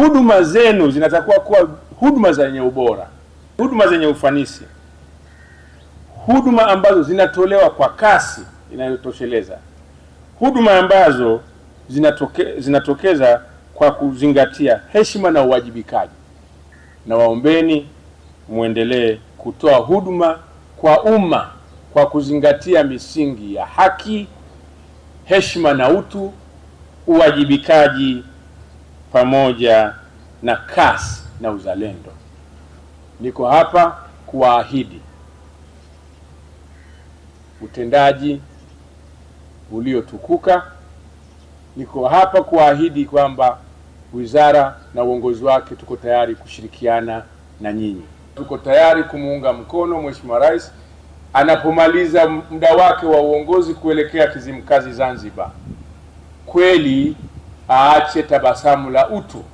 huduma zenu zinatakiwa kuwa huduma zenye ubora, huduma zenye ufanisi, huduma ambazo zinatolewa kwa kasi inayotosheleza, huduma ambazo zinatoke, zinatokeza kwa kuzingatia heshima na uwajibikaji. Na waombeni mwendelee kutoa huduma kwa umma kwa kuzingatia misingi ya haki, heshima na utu, uwajibikaji pamoja na kasi na uzalendo. Niko hapa kuwaahidi utendaji uliotukuka. Niko hapa kuwaahidi kwamba wizara na uongozi wake tuko tayari kushirikiana na nyinyi. Tuko tayari kumuunga mkono Mheshimiwa Rais anapomaliza muda wake wa uongozi kuelekea Kizimkazi Zanzibar. Kweli aache tabasamu la utu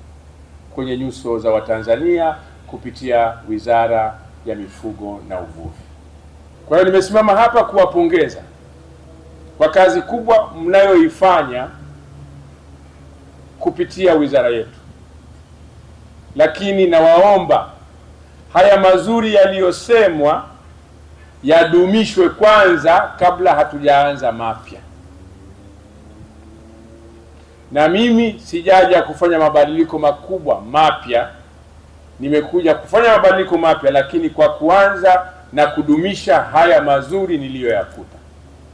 kwenye nyuso za Watanzania kupitia Wizara ya Mifugo na Uvuvi. Kwa hiyo nimesimama hapa kuwapongeza kwa kazi kubwa mnayoifanya kupitia wizara yetu, lakini nawaomba haya mazuri yaliyosemwa yadumishwe kwanza kabla hatujaanza mapya na mimi sijaja kufanya mabadiliko makubwa mapya, nimekuja kufanya mabadiliko mapya, lakini kwa kuanza na kudumisha haya mazuri niliyoyakuta.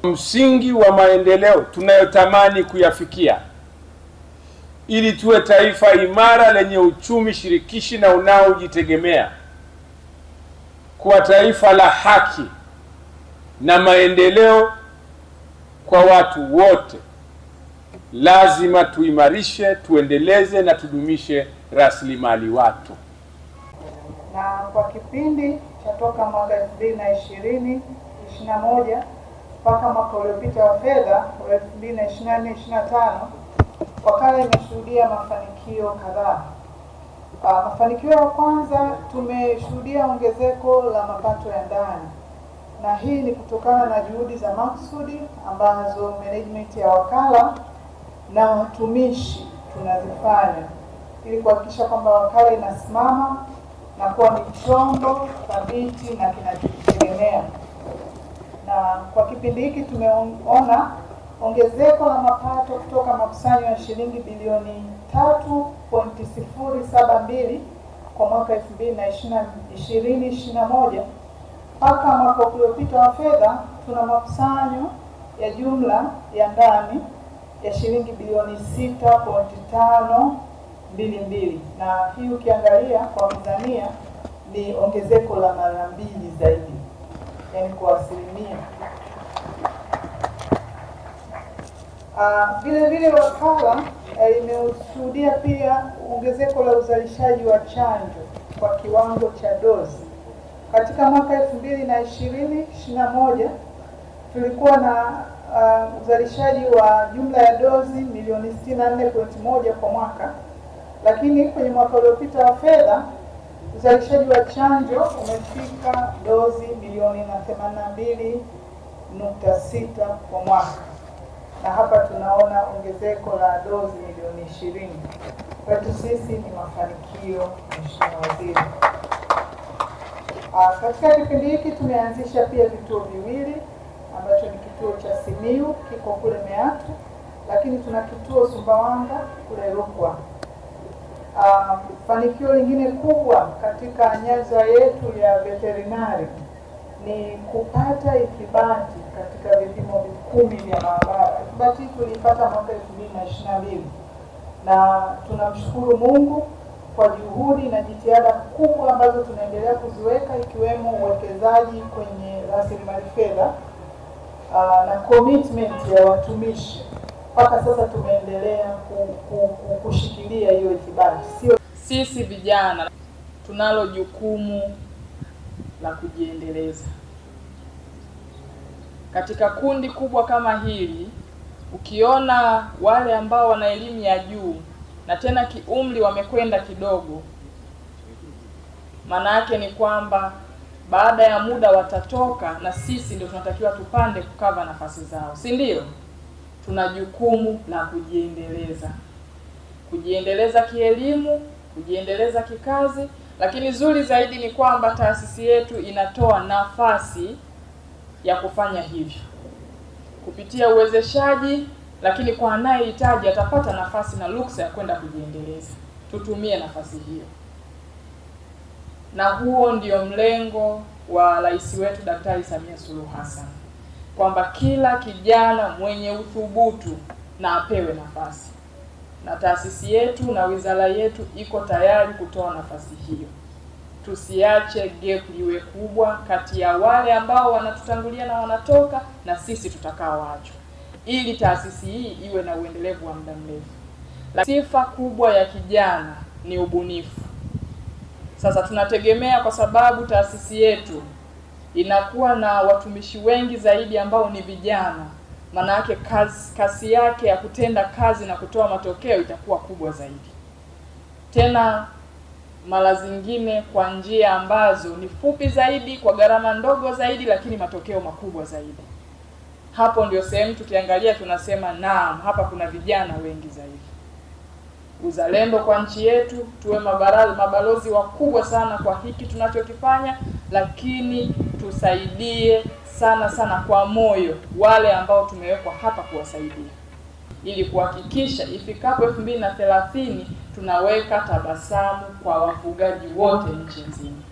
Msingi wa maendeleo tunayotamani kuyafikia ili tuwe taifa imara lenye uchumi shirikishi na unaojitegemea, kuwa taifa la haki na maendeleo kwa watu wote lazima tuimarishe, tuendeleze na tudumishe rasilimali watu. Na kwa kipindi cha toka mwaka elfu mbili na ishirini ishirini na moja mpaka mwaka uliopita wa fedha wa elfu mbili na ishirini na nne ishirini na tano wakala imeshuhudia mafanikio kadhaa. Uh, mafanikio ya kwanza tumeshuhudia ongezeko la mapato ya ndani, na hii ni kutokana na juhudi za maksudi ambazo management ya wakala na watumishi tunazifanya ili kuhakikisha kwamba wakala inasimama na kuwa ni chombo thabiti na kinajitegemea. Na kwa kipindi hiki tumeona ongezeko la mapato kutoka makusanyo ya shilingi bilioni 3.072 kwa mwaka 2020/2021 mpaka mwaka uliopita wa fedha, tuna makusanyo ya jumla ya ndani ya shilingi bilioni mbili na hii ukiangalia kwa mzania ni ongezeko la mara mbili zaidi, yani kwa asilimia ah, vile vile wakala eh, imeshuhudia pia ongezeko la uzalishaji wa chanjo kwa kiwango cha dozi. Katika mwaka elfu mbili na ishirini ishirini na moja tulikuwa na uh, uzalishaji wa jumla ya dozi milioni 64.1 kwa mwaka, lakini kwenye mwaka uliopita wa fedha uzalishaji wa chanjo umefika dozi milioni na 82.6 kwa mwaka, na hapa tunaona ongezeko la dozi milioni ishirini. Kwetu sisi ni mafanikio, Mheshimiwa Waziri. Uh, katika kipindi hiki tumeanzisha pia vituo viwili ambacho ni kituo cha simiu kiko kule Meatu, lakini tuna kituo Sumbawanga kule Rukwa. Um, fanikio lingine kubwa katika nyanja yetu ya veterinari ni kupata ithibati katika vipimo kumi vya maabara. Ithibati hii tuliipata mwaka elfu mbili na ishirini na mbili na tunamshukuru Mungu kwa juhudi na jitihada kubwa ambazo tunaendelea kuziweka ikiwemo uwekezaji kwenye rasilimali fedha uh, na commitment ya watumishi mpaka sasa tumeendelea kushikilia hiyo ithibati. Sio sisi vijana tunalo jukumu la kujiendeleza katika kundi kubwa kama hili. Ukiona wale ambao wana elimu ya juu na tena kiumri wamekwenda kidogo, maana yake ni kwamba baada ya muda watatoka, na sisi ndio tunatakiwa tupande kukava nafasi zao, si ndio? Tuna jukumu la kujiendeleza, kujiendeleza kielimu, kujiendeleza kikazi, lakini zuri zaidi ni kwamba taasisi yetu inatoa nafasi ya kufanya hivyo kupitia uwezeshaji, lakini kwa anayehitaji atapata nafasi na ruksa ya kwenda kujiendeleza. Tutumie nafasi hiyo na huo ndio mlengo wa rais wetu Daktari Samia Suluhu Hassan kwamba kila kijana mwenye uthubutu na apewe nafasi, na taasisi yetu na wizara yetu iko tayari kutoa nafasi hiyo. Tusiache gap iwe kubwa kati ya wale ambao wanatutangulia na wanatoka na sisi tutakaoachwa, ili taasisi hii iwe na uendelevu wa muda mrefu. Sifa kubwa ya kijana ni ubunifu. Sasa tunategemea kwa sababu taasisi yetu inakuwa na watumishi wengi zaidi ambao ni vijana, maana yake kazi, kasi yake ya kutenda kazi na kutoa matokeo itakuwa kubwa zaidi, tena mara zingine kwa njia ambazo ni fupi zaidi, kwa gharama ndogo zaidi, lakini matokeo makubwa zaidi. Hapo ndio sehemu tukiangalia tunasema naam, hapa kuna vijana wengi zaidi uzalendo kwa nchi yetu, tuwe mabaraza, mabalozi wakubwa sana kwa hiki tunachokifanya, lakini tusaidie sana sana kwa moyo wale ambao tumewekwa hapa kuwasaidia, ili kuhakikisha ifikapo elfu mbili na thelathini tunaweka tabasamu kwa wafugaji wote nchi nzima.